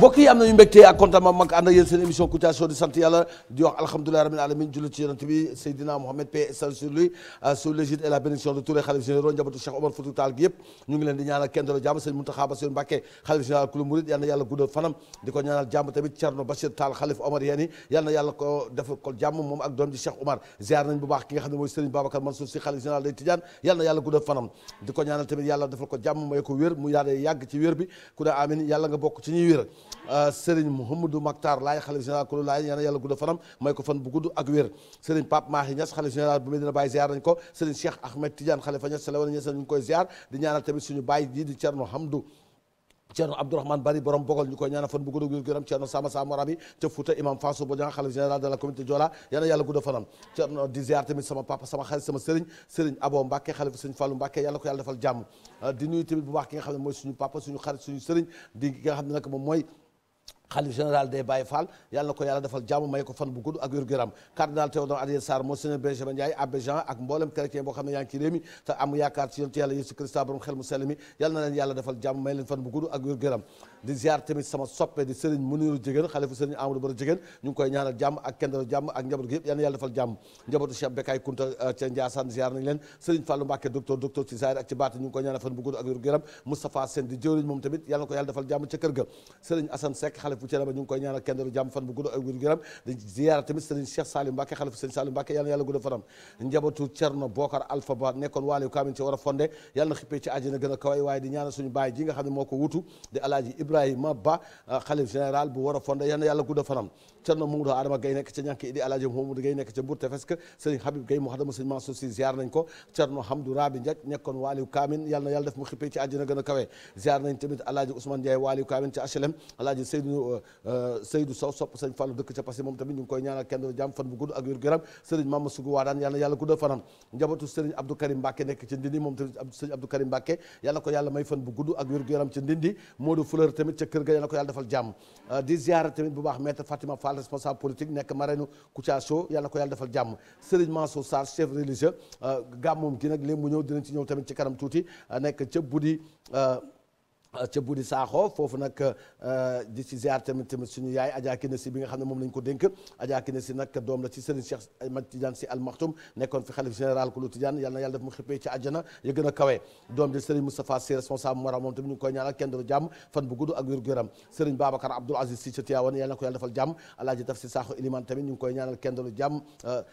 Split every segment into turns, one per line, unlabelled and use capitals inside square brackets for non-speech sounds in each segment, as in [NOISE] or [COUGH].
bokki amna ñu mbekté ak contam mag ànd ak yéen seen émission Kouthia Show di sant yàlla di wax alhamdoulillah rabbil alamin julit ci yonent bi sayidina mohammed pe sal sur lui sous l'égide et la bénédiction de tous les khalifes généraux jabatu Cheikh Omar Foutiyou tal gi yep ñu ngi leen di ñaanal kendo doon jàmm sëñ Mountakha Bassirou Mbacké khalif général kulu mourid yalla yàlla guddal fanam diko ñaanal jàmm tamit charno Bachir tal khalif Omar yani yalla yàlla ko def ko jàmm mom ak doon di Cheikh Omar ziar nañ bu baax ki nga xamne moy Serigne Babacar Mansour Sy khalif général de Tidiane yalla yàlla guddal fanam diko ñaanal tamit yàlla defal ko jàmm may ko wér mu yàlla yag ci wér bi kuda amin yàlla nga bok ci ñi wér sëriñ Mouhamadou Makhtar Laye xalif général kulu laay yal na yàlla gudd fanam may ko fan bu gudd ak wér sëriñ Pape Mahi Niass xalif général bu Medina Baye ziar nañ ko sëriñ Cheikh Ahmed Tidiane xalifa Niass sala wana Niass ñu ngi koy ziar di ñaanal tamit suñu baay ji di Thierno Hamdou Ceerno Abdourahmane Bari borom bogol ñu koy ñaanal fan bu gudd ak wer gu Sama Sama Rabi ca Fouta imam Fassou Bodian xalif général de la communauté Diola yal yàlla gudd fanam Ceerno di ziar tamit sama papa sama xarit sama sëriñ sëriñ Abo Mbacke xalifa sëriñ Fallou Mbacke yàlla ko yàlla defal jàmm di nuyu tamit bu baax ki nga xam ne suñu papa suñu xarit suñu sëriñ di nga xam ne nag moom xalif général des Baye Fall yàlla na ko yàlla defal jàmm may ko fan bu gudd ak wér-gu-yaram cardinal Théodore Adrien Sarr Monseigneur Benjamin Ndiaye abbé Jean ak mboolem chrétien boo xam ne yaa ngi am yaakaar ci yonent na leen defal jàmm may leen fan bu gudd ak wér-gu-yaram di ziar moom tamit yàlla na ko yàlla defal jàmm ca kër ga Serigne Assane Seck fu ci raba ñu ngi koy ñaanal kenn du jàmm fan bu gudd ak wér gu yaram di ziyaara tamit sëriñ Cheikh Salim Mbacke xalifa sëriñ Salim Mbacke yàlla na yàlla gudd fanam njabootu Cerno Bokar Alpha Ba nekkoon waale yu kaamin ci war a fonde yàlla na xippee ci àjjana gën a kawe waaye di ñaanal suñu baay ji nga xam ne moo ko wutu di alaaji Ibrahima Ba xalif général bu war a fonde yàlla na yàlla gudd fanam Cerno Mamadou Adama Gaye nekk ca ñànk idi alaaji Mamadou Gaye nekk ca Bour Tefes sëriñ Habib Gaye Mouhadama sëriñ Mansour si ziar nañ ko Cerno Hamdou Rabi Ndiak nekkoon waale yu kaamin yàlla na yàlla def mu xippee ci àjjana gën a kawe ziar nañ tamit alaaji Ousmane Ndiaye waale yu kaamin ci HLM alaaji Seydou Eh, Seydou Sow sopp sëñ Fallou dëkk ca Passy moom tamit ñu ngi koy ñaanal kenn du jàmm fan bu gudd ak wér yaram sëriñ Mama Sugu waa daan yàlla yàlla fanam njabootu sëriñ Abdou Karim Mbacke yàlla ko yàlla may fan bu gudd ak wér yaram ci Ndindi Modou Fleur tamit ca kër ga yàlla ko yàlla defal jàmm eh, di ziara tamit bu baax maître Fatima Fall responsable politique nekk marraine Kouthia Show yàlla ko yàlla defal jàmm sëriñ Mansour Sarr chef religieux eh, gàmmoom ca Buri Saaxo foofu nag di ci ziar tamit suñu yaay Adja Kine si bi nga xamne mom lañ ko dénk Adja Kine si nag doom la ci Serigne Cheikh Ahmed Tidiane si Al Maktoum nekkon fi xalif général ku Tidiane yalla yàlla def mu xippee ci àjjana ya gëna kawe dom di Serigne Moustapha si responsable moram mom tamit ñu ngi koy ñaanal kendo jam fan bu guddu ak wir gëram Serigne Babacar Abdoul Aziz si ca Tiyawan yal ko yàlla defal jàmm taf Tafsi saxo Iliman tamit ñu ngi koy ñaanal kendo jam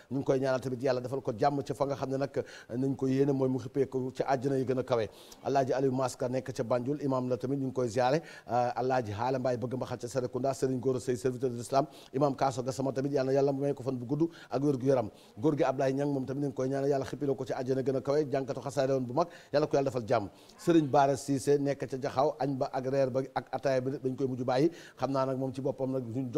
ñu ngi koy ñaanal tamit yàlla defal ko jam ci fa nga xamne nak nañ ko yéene moy mu xippee ko ci àjjana ya gëna kawe Alaaji ali Maska nekk ci Banjul imam moom la tamit ñu ngi koy ziare euh, alaaji haala mbaay bëgg mbaxal ca Serekunda Serigne Gora Sey serviteur de l'islam imam Kaaso Gassama tamit yàlla yàlla may ko fan bu gudd ak wér gu yaram góor gi Ablaye Ñang moom tamit ñu ngi koy ñaanal yàlla xippiloo ko ci àjjana gën a kawe jànkatu xasaare woon bu mag yàlla ko yàlla defal jàmm Serigne Baara Cissé nekk ca jaxaaw añ ba ak reer ba ak ataaya bi dañ koy mujj bàyyi xam naa nag moom ci boppam nag ñu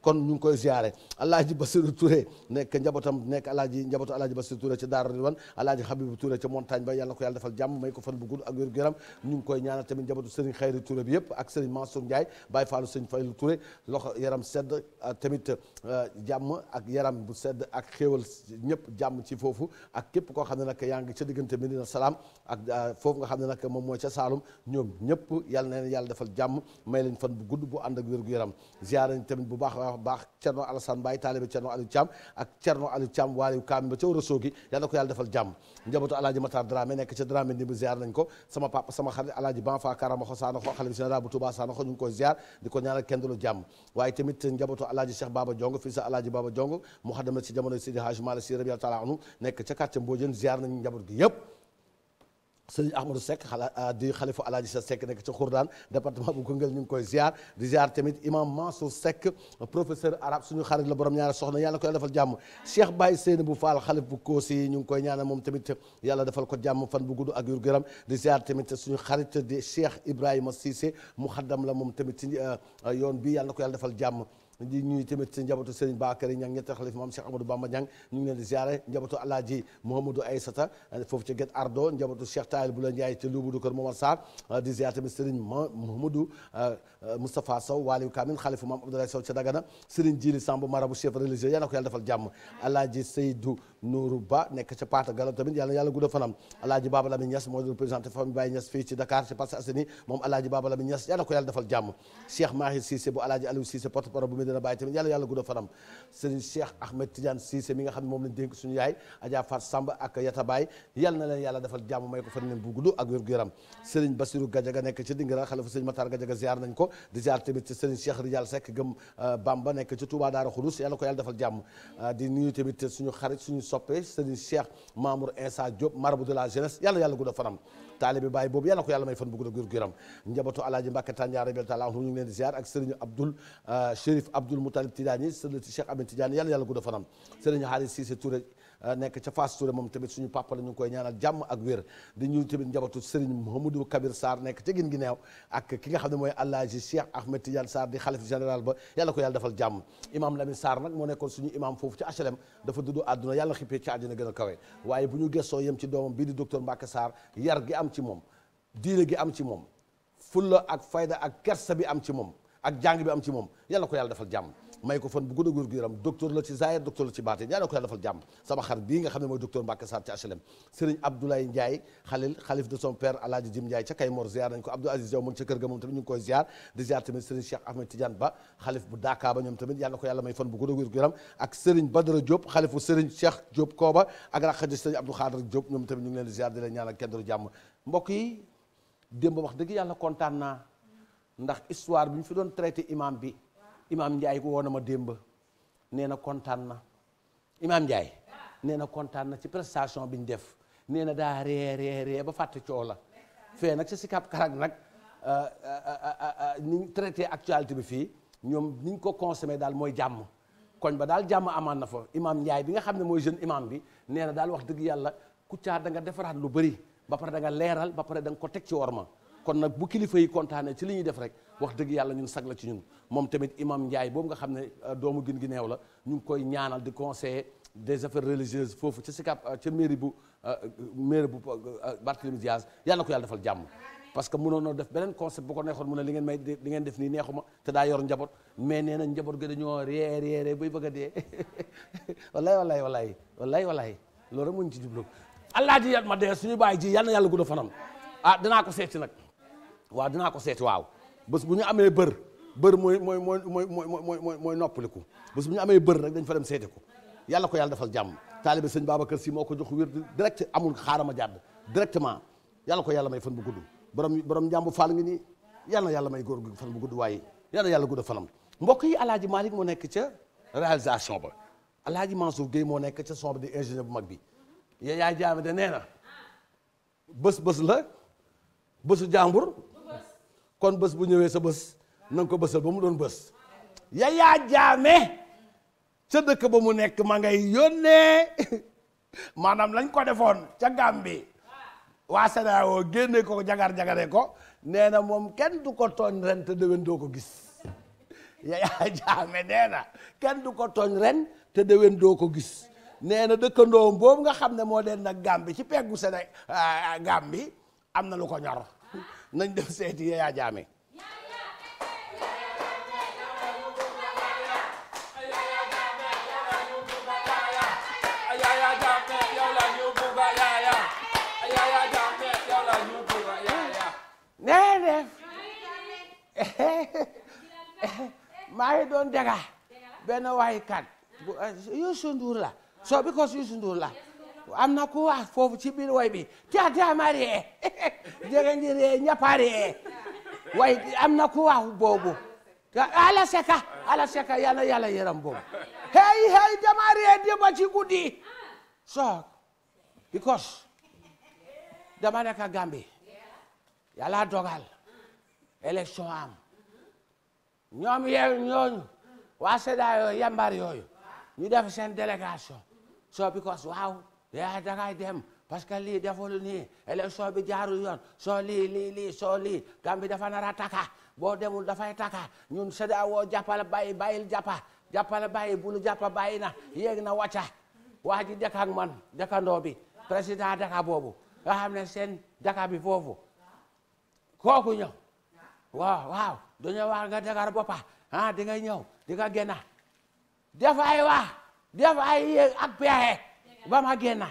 kon ñu ngi koy ziare alaaji Basiru Touré nekk njabootam nekk alaaji njabootu alaaji Basiru Touré ca Daara Rilwan alaaji Habibu Touré ca montagne ba yàlla na ko yàlla defal jàmm may ko fan bu gudd ak wér gu yaram ñu ngi koy ñaanal tamit njabootu Serigne Xayri Touré bi yëpp ak Serigne Mansour Ndiaye Baye Fallou Serigne Fallou Touré loxo yaram sedd euh, tamit euh, jàmm ak yaram bu sedd ak xéewal ñëpp jàmm ci foofu ak képp koo xam ne nag yaa ngi ca diggante Medina Salaam ak euh, foofu nga xam ne nag moom mooy ca Saalum ñoom ñëpp yàlla na leen yàlla defal jàmm may leen fan bu gudd bu ànd ak wér yaram ziare tamit bu baax baax baax Thierno Alassane Mbaye taalibe Thierno Aliou Thiam ak Thierno Aliou Thiam waaliyu kaam ba ca Rosso gi ko yàlla defal jàmm njabootu alaaji Matar Dramé nekk ca Dramé xale bi si na bu Touba Sanoxo ñu ngi di ko ñaanal kenn du waaye tamit njabootu alaaji Cheikh Baba Diongo fii sa alaaji Baba Diongo mu xadama si jamono Sidi Hajj Malick Sy radiyallahu taala nekk ca quartier Mbodiène ziar nañ njaboot gi yëpp sëñ Ahmadou Seck xala ah, di xalifu alaaji sa Seck nekk ci Khourdan département bu Koungheul ñu ngi koy ziar di ziar tamit imam Mansour Seck professeur arabe suñu xarit la borom ñaari soxna yàlla ko yàlla defal jàmm Cheikh Baye Seyni bu Fall xalif bu Koosi ñu ngi koy ñaana moom tamit yàlla defal ko jàmm fan bu gudd ak yur gëram di ziar tamit suñu xarit di Cheikh Ibrahima Cissé muxaddam la moom tamit ci ah, yoon bi yàlla ko yàlla defal jàmm di ñuy tamit si njabootu Serigne Bakary Niang ñetti xalif maam Cheikh Amadou Bamba Niang ñu ngi leen di ziare njabootu Alaaji Mouhamadou Aysata foofu ci Guet Ardo njabootu Cheikh Tahel Boula Ndiaye ci Loubu du Kër Momar Sarr di ziare tamit Serigne Mouhamadou euh, Moustapha Sow Waliou Kamil xalifu maam Abdoulaye Sow ci Dagana Serigne Djili Samb marabu chef religieux yal na ko yàlla defal jàmm Nourou Ba nekk ca Paata Galaw tamit yàlla yàlla fanam alaaji Baba Lamine Niass moo di représenté famille Baye Niass fii ci Dakar ci Parcelles Assainies moom alaaji Baba Lamine Niass yàlla ko yàlla defal jàmm may ko fan nekk ci Dingara xalifa euh, yàlla ko yàlla defal jàmm euh, di nuyu tamit suñu xarit suñu soppe Serigne Cheikh Mamour Insa Diop marabout de la jeunesse yàlla yàlla gudd fanam taalibe Baye boobu yàlla ko yàlla may fan bu gudd a gurguram njabootu alaaji Mbàkke Tandiar rabbil taala ñu ngi leen di ak Serigne Abdoul euh, Chérif Abdoul Moutalib Tidiane Serigne Cheikh Amin Tidiane yàlla yàlla gudd a fanam Serigne Haris Cissé Touré Euh, nekk ca Fass Touré moom tamit suñu papa la ñu koy ñaanal jàmm ak wér di ñu tamit njabootu Serigne Mouhamadou Kabir Sarr nekk ca gin ginnaaw ak ki nga xam ne mooy Alhaji Cheikh Ahmed Tidiane Sarr di xalif général ba yàlla ko yàlla defal jàmm imam Lamine Sarr nag moo nekkoon suñu imam foofu ci HLM dafa dudd àdduna yàlla xippee ci àddina gën a kawe waaye bu ñu gëstoo yem ci doomam bii di docteur Mbacke Sarr yar gi am ci moom diine gi am ci moom fulla ak fayda ak kersa bi am ci moom ak jàng bi am ci moom yàlla ko jàmm may ko fan bu gën a góor gu yaram docteur la ci Zaire docteur la ci baatin yaa na ko yàlla defal jàmm sama xarit bii nga xam ne mooy docteur Mbacke Sarr ci HLM Serigne Abdoulaye Ndiaye xalil xalif de son père Alaaji Jim Ndiaye ca Kaymor ziar nañ ko Abdou Aziz Diaw mu ngi ca kër ga moom tamit ñu ngi koy ziar di ziar tamit Serigne Cheikh Ahmed Tidiane Ba xalif bu Dakar ba ñoom tamit yaa na ko yàlla may fan bu gën a góor gu yaram ak Serigne Badara Diop xalifu Serigne Cheikh Diop Kooba ak raqaji Serigne Abdou Khadre Diop ñoom tamit ñu ngi leen di ziar di leen ñaanal kendaru jàmm mbokk yi démb wax dëgg yàlla kontaan naa ndax histoire bi ñu fi doon traité imam bi imaam Ndiaye woo na ma démb nee na kontaan na imaam Ndiaye nee na kontaan na ci prestation bi ñu def nee na daa ree ree ba fàtte coow la fee nag ci Sicap Karack nag euh, euh, euh, niñ ñu traité actualité bi fii ñoom ni ko consommé daal mooy jàmm koñ ba daal jàmm amaan na fa imaam Ndiaye bi nga xam ne mooy jeune imaam bi nee na daal wax dëgg yàlla Kouthia da nga defaraat lu bëri ba pare danga leeral ba pare danga ko teg ci ma kon nag bu kilifa yi kontaanee ci li ñuy def rek wax dëgg yàlla ñun sag la ci ñun moom tamit imam Ndiaye boobu nga xam ne euh, doomu gën gi neew la ñu ngi koy ñaanal di conseiller des affaires religieuses foofu ci Sicap euh, ca mairie bu euh, mairie bu Barthélémy Diaz yàlla ko yàlla defal jàmm parce que mënoon na def beneen concept bu ko neexoon mu ne li ngeen may li ngeen def nii neexuma te daa yor njaboot mais nee na njaboot ga dañoo ree ree ree bay bëgg a dee [LAUGHS] wallaay wallaay wallaay loolu rek ci jublu allah ji yat ma dee suñu bàyyi ji yal na yàlla gudd fanam ah danaa ko seeti nag waaw dinaa ko seeti waaw bés bu ñu amee bër bër mooy mooy mooy mooy mooy mooy mooy noppaliku bés bu ñu amee bër rek dañ fa dem seeti ko yàlla ko yàlla defal jàmm taalibe sëñ Babacar si moo ko jox wér direct amul ma jàdd directement yàlla ko yàlla may fan bu gudd borom borom njàmbu faal nga nii yàlla yàlla may góor gi fan bu gudd waaye yàlla yàlla gudd fanam mbokk yi alaaji Malick moo nekk ca réalisation ba alaaji Mansour Guèye moo nekk ca son bi di bu mag bi yaay jaame de nee na la bésu jàmbur kon bés bu ñëwee sa bés nang ko bësal ba mu doon ya Yaya jame ci dëkk ba mu nekk ma ngay yónnee [LAUGHS] manam lañ ko defoon ca gambi
wa sadawo ko jagar jagaré ko néna mom moom kenn du ko
togn ren te déwén ko gis [LAUGHS] Yaya ya jame néna kenn du ko togn ren te dewen do ko gis néna dëkk ndoom bo nga xamné mo moo nak gambi ci peggu Sénégal ah, gambi amna lu ko ñor nañ dem seeti Yaya Jammeh
[LAUGHS] maa ngi doon dega benn waaykat bu eh, Youssou Ndour la so because Youssou Ndour la am na ku wax foofu ci biir way bi tia tia mari e jegenjiri e ñapari e way am na ku wax boobu ala seka ala seka yàlla yàlla yaram boobu hey hey damari e démba ci guddi so because dama nekk Gambie yàlla dogal élection am ñoom yeew ñooñu waa CEDEAO yambar yooyu ñu def seen délégation so because waaw yaa dangay dem parce que lii deful nii élection bi jaarul yoon soo lii lii lii soo lii Gambie dafa nar a taka boo demul dafay taka ñun CEDEAO woo jàppal bàyyi bàyyil jàppa jàppal bàyyi bulu jàppa bàyyi na yéeg na wàcca waa ji dëkk ak man dëkkandoo bi président dëkk boobu nga xam ne seen dëkk bi foofu kooku ñëw waaw waaw dañoo wax nga dëkkar boppa ah di nga ñëw di nga génna dafay wax dafay yéeg ak pexe ba ma génna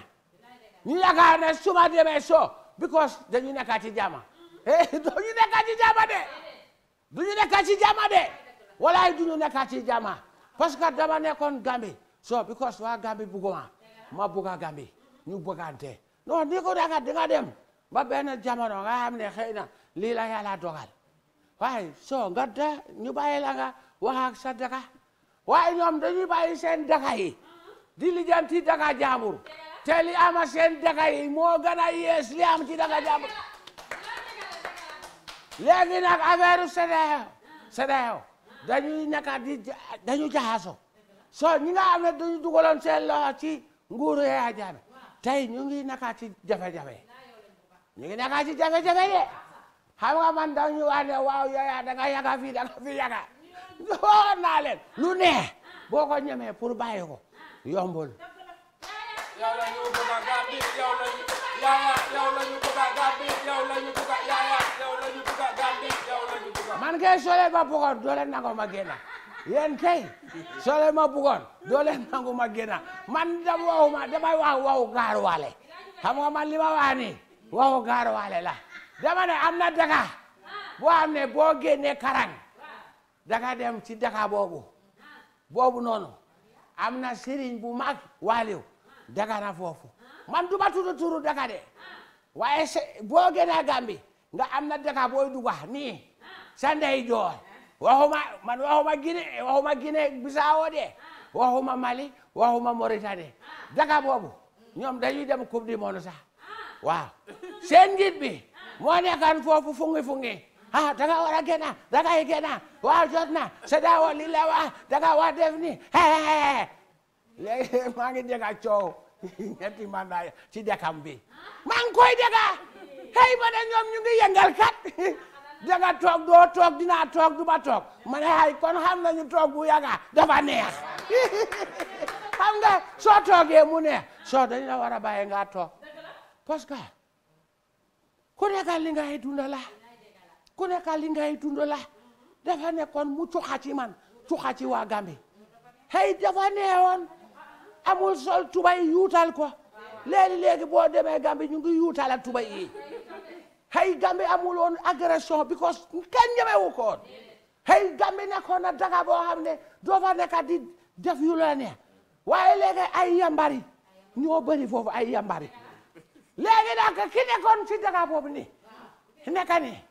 ñu yaakaar ne su demee soo because dañu nekkaa ci jàmma eh [LAUGHS] duñu nekkaa ci jàmma de duñu ci jàmma de walaay duñu nekkaa ci jàmma parce que dama nekkoon Gambie so because waa Gambie bugguma ma bugga Gambie ñu bëggante non ni ko danga dinga dem ba benn jamono nga xam ne xëy na lii la yàlla dogal waaye so nga ñu bàyyi la nga wax sa daka waaye ñoom dañuy bàyyi seen daka yi di lijanti daga jaambur te li ama seen daga yi moo gën a yees li am ci daga jaambur léegi nag affaire CEDEAO CEDEAO dañuy nekk di dañu jaxaso so ñi nga xam ne dañu dugaloon seen loxo ci nguuru Yaya Jammeh tey ñu ngi nekk ci jafe-jafe ñu ngi nekk ci jafe-jafe de nga man dañu wax ne waaw Yaya da nga yaga fii da fi yaga [LAUGHS] waxoon lu ne boo ko ñemee pour bàyyi ko yombul. yow la ñu
bëgg a gàddi
man kay soo ma bëggoon doo leen ma génn yéen kay soo ma bëggoon doo leen ma génn man dama waw ma damay wax wawu gaaruwaale xam nga man li ma wax nii wawu la dama ne am na daga boo am ne boo génnee daga dem ci daga boobu boobu noonu. am na sëriñ bu mag waaliw dagana foofu man du ma tudd turu daga de waaye boo gënee Gàmbi nga am na daga booy duga nii sa ndeyjoor waxuma man waxuma Gine waxuma Gine Bisaawo de waxuma Mali waxuma Mauritanie daga boobu ñoom dañuy dem coupe du monde sax waaw seen njiit bi moo nekkan foofu fungi fungi ah da nga war a génn da ngay jot na CEDEAO lii la wax da nga def nii léegi [LAUGHS] maa ngi dégg ak coow [LAUGHS] ñetti mandat ci dëkkam maa ngi koy dégg xëy ma ne ñoom ñu ngi yëngal kat [LAUGHS] danga toog doo toog dinaa toog du ma toog ma toog bu mu neex soo dañu la war a bàyyi nga toog parce que ku nekk li ngay dundala ku nekka li ngay dund la dafa nekkoon mu cuxa ci man cuxa ci waa Gambi xëy dafa neewoon amul sol tubay yuutal ko léegi-léegi boo demee Gambi ñu ngi yuutala tubay yi xëy Gambi amul woon agression because kenn ñemewu ko woon Gambi nekkoon na daga boo xam ne doo fa nekka di def yu la neex waaye léegi ay yambari ñoo bëri foofu ay yambari léegi nag ki nekkoon ci daga boobu ni nekka ni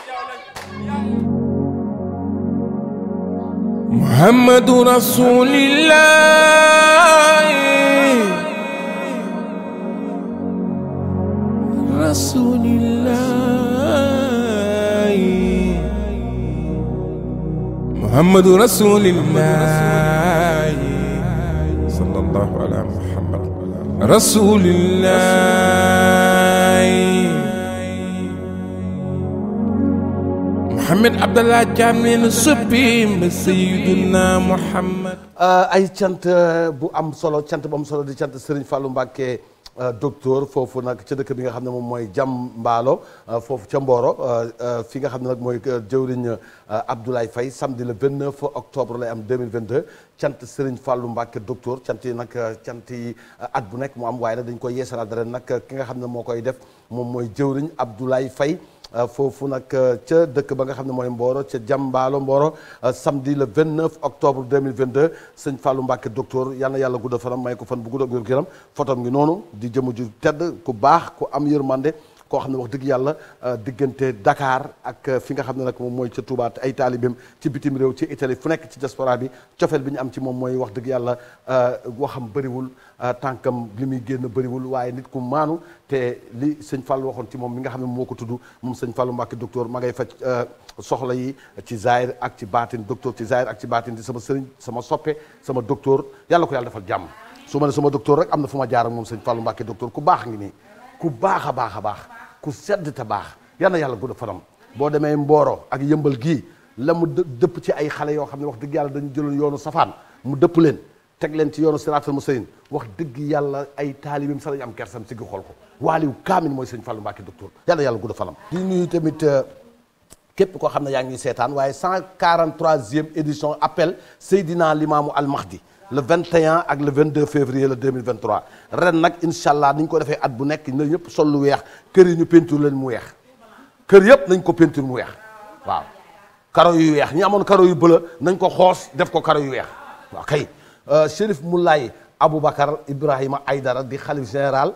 محمد رسول الله رسول الله محمد رسول الله صلى الله على محمد رسول الله Mouhamed Abdallah Thiam nee na soppeem ba Seydina
Mouhamed. Euh, ay cant euh, bu am solo cant bu am solo di cant Serigne Fallou Mbacke euh, docteur foofu nag ca dëkk bi nga xam ne moom mooy jam mbaalo foofu ca Mboro fi nga xam ne nag mooy jëwriñ Abdoulaye Faye samedi le 29 octobre lay am mille 2022 cant Serigne fàllu Mbacke docteur cant yi nag cant yi at bu nekk moo am waaye nag dañ koy yeesalaat ren nag ki nga xam ne moo koy def moom mooy jëwriñ Abdoulaye Faye Euh, foofu nag euh, ca dëkk ba nga xam ne mooy Mboro ca Jambaalo Mboro euh, samedi le 29 octobre 2022 sëñ Fallou Mbacke docteur yal na yàlla gudd fanam may ko fan bu gudd ak wér-gu-yaram fotom ngi noonu di jëmu ju tedd ku baax ku am yërmande koo xam ne wax dëgg yàlla euh, diggante dakaar ak euh, fi nga xam ne nag moom mooy ca Touba ay taalibeem ci bitim réew ci Italie fu nekk ci diaspora bi cofeel bi ñu am ci moom mooy wax dëgg yàlla euh, waxam bëriwul tànkam li muy génn bëriwul waaye nit ku maanu te li sëñ Fall waxoon ci moom mi nga xam ne moo ko tudd moom sëñ Fallu Mbàkke docteur ma ngay faj soxla yi ci zaahir ak ci baatin docteur ci zaahir ak ci baatin di sama sëriñ sama soppe sama docteur yàlla ko yàlla defal jàmm su ma ne sama docteur rek am na fu ma jaar moom sëñ Fallu Mbàkke docteur ku baax ngi nii ku baax a baax ku sedd te baax yal na yàlla gudd fanam boo demee Mboro ak yëmbal gii la mu dëpp ci ay xale yoo xam ne wax dëgg yàlla dañu jëloon yoonu safaan mu dëpp leen teg leen ci yoonu siraatal mustaqiim wax dëgg yàlla ay taalibim sax lañu am kersam si gi xool ko waaliw kaamin mooy sëñ Fallou Mbacke docteur yàlla na yàlla gudd fanam di nuyu tamit euh, képp koo xam ne yaa ngi seetaan waaye cent 143e édition appel Seydina Limamou Al Mahdi le 21 et le 22 février 2023 ren nak inshallah niñ ko defé at bu nek na ñëpp sol lu kër yi ñu peinture leen mu wéx kër yépp nañ ko peinture mu wéx waaw karo yu wéx ñi amone karo yu bleu nañ ko def ko karo yu wéx kay euh, Moulay Aboubakar Ibrahima Aïdara di Khalif général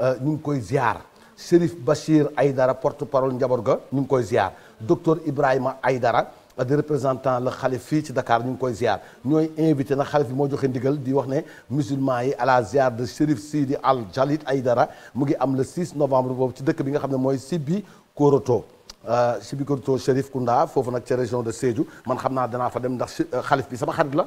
euh, ñu ngi koy ziar Chérif Bachir Aïdara, porte parole Njaborga ñu koy ziar docteur Ibrahima Aïdara. des représentants le xalif fii ci Dakar ñu koy ziar ñoy invité na xalif mo joxe ndigal di wax ne musulman yi ala ziar de Chérif Sidi Al jalid aidara mu ngi am le 6 novembre bobu ci dëkk bi nga xamne moy Sibi Koroto Sibi Koroto Chérif kunda fofu nak ci région de sedju man xamna naa danaa fa dem ndax xalif bi sama xarit la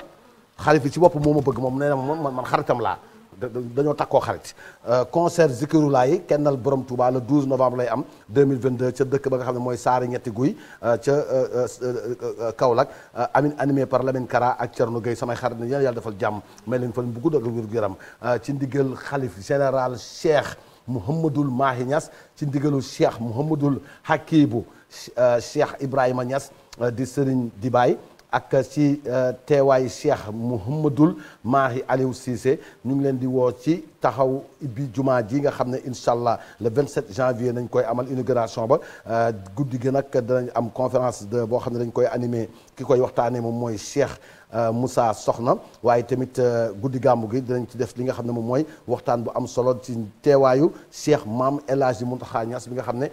xalif ci bop moo ma bëgg mom nee man xaritam la dañoo takkoo xarit euh, concert Zikirulaay yi kennal borom Touba le 12 novembre lay am 2022 ca dëkk ba nga xam ne mooy Saari ñetti guy euh, ca euh, Kaolack amin animé par Lamine Kara ak Thierno Gueye samay xarit nañu yàlla defal jàmm may leen fan bu gudd ak wér gu yaram ci ndigal xalif général Cheikh Mouhamadul Mahi ñas ci ndigalu Cheikh Mouhamadul Hakibu Cheikh Ibrahima Niass di Serigne Dibaye ak ci euh, teewaayu Cheikh Mouhamadul Mahi Aliou Cissé ñu ngi leen di woo ci taxaw ibi juma ji nga xamné inshallah le 27 janvier nañ koy amal inauguration ba euh, guddi gi nag danañ am conférence de bo xamné dañ koy animer ki koy waxtaanee mom moy Cheikh euh, Moussa Soxna waye tamit euh, guddi gàmmu gi dañ ci def li nga xamné mom moy waxtan bu am solo ci teewaayu Cheikh mam El Hadji Mountakha Niass bi nga xamné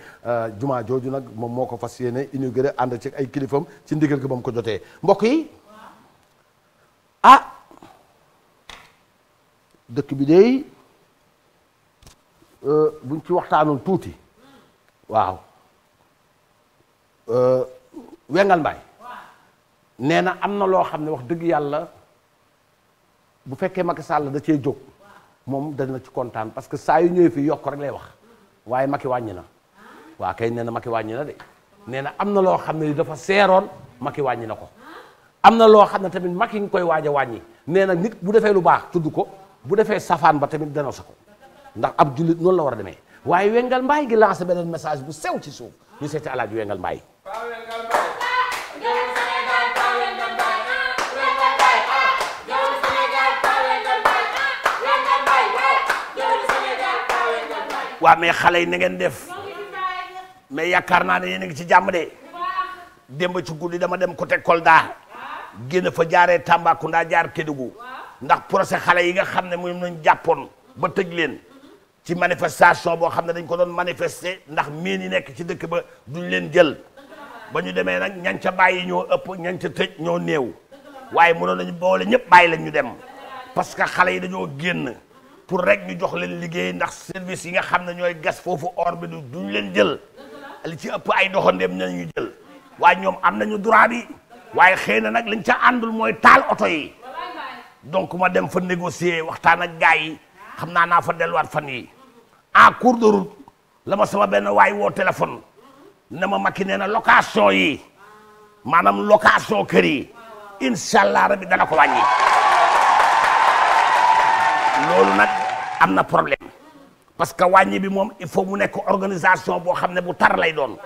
juma joju nak mom moko moo inaugurer and ci ay kilifam ci ndigal gi bam ko joté mbokk yi ah dëkk bi de Euh, buñ ci waxtaanoon tuuti waaw euh, wengal mbaay nee na am na loo xam ne wax dëgg yàlla bu fekkee Macky Sall da cee jóg moom dana ci kontaan parce que saa yu ñëwee fii yokk rek lay wax waaye Macky wàññi na waa kay nee na Macky wàññi na de
nee na am na loo xam ne dafa seeroon Macky wàññi na ko am na loo xam ne tamit Macky
nga koy waaj a wàññi nee na nit bu defee lu baax tudd ko bu defee safaan ba tamit dana sa ko ndax ab jullit noonu la war a demee waaye Wengal Mbaye gi lancé beneen message bu sew ci suuf ñu seeti alaaji
Wengal Mbaye
waa mais xale yi na ngeen def mais yaakaar naa ne yéen a ngi ci jàmm de démb ci guddi dama dem côté Kolda génn fa jaaree Tambacounda jaar Kédougou ndax procès xale yi nga xam ne moom lañ jàppoon ba tëj leen ci manifestation boo xam ne dañ ko doon manifester ndax miin yi nekk ci dëkk ba duñ leen jël ba ñu demee nag ñañ ca bàyyi ñoo ëpp ñañ ca tëj ñoo néew waaye mënoon nañu boole ñëpp bàyyi lañ ñu dem parce que xale yi dañoo génn pour rek ñu jox leen liggéey ndax service yi nga xam ne ñooy gas foofu or bi du duñ leen jël li ci ëpp ay doxandeem nañu jël waaye ñoom am nañu droit yi waaye xëy na nag lañ ca àndul mooy taal oto yi donc ma dem fa négocier waxtaan ak gars yi xam naa naa fa delluwaat fan yi en cours de route la ma sama benn waay woo téléphone na ma makki nee na location yi maanaam location kër yi incha allah rabi dana ko wàññi loolu nag am na problème parce que wàññi bi moom il faut mu nekk organisation boo xam ne bu tar lay doon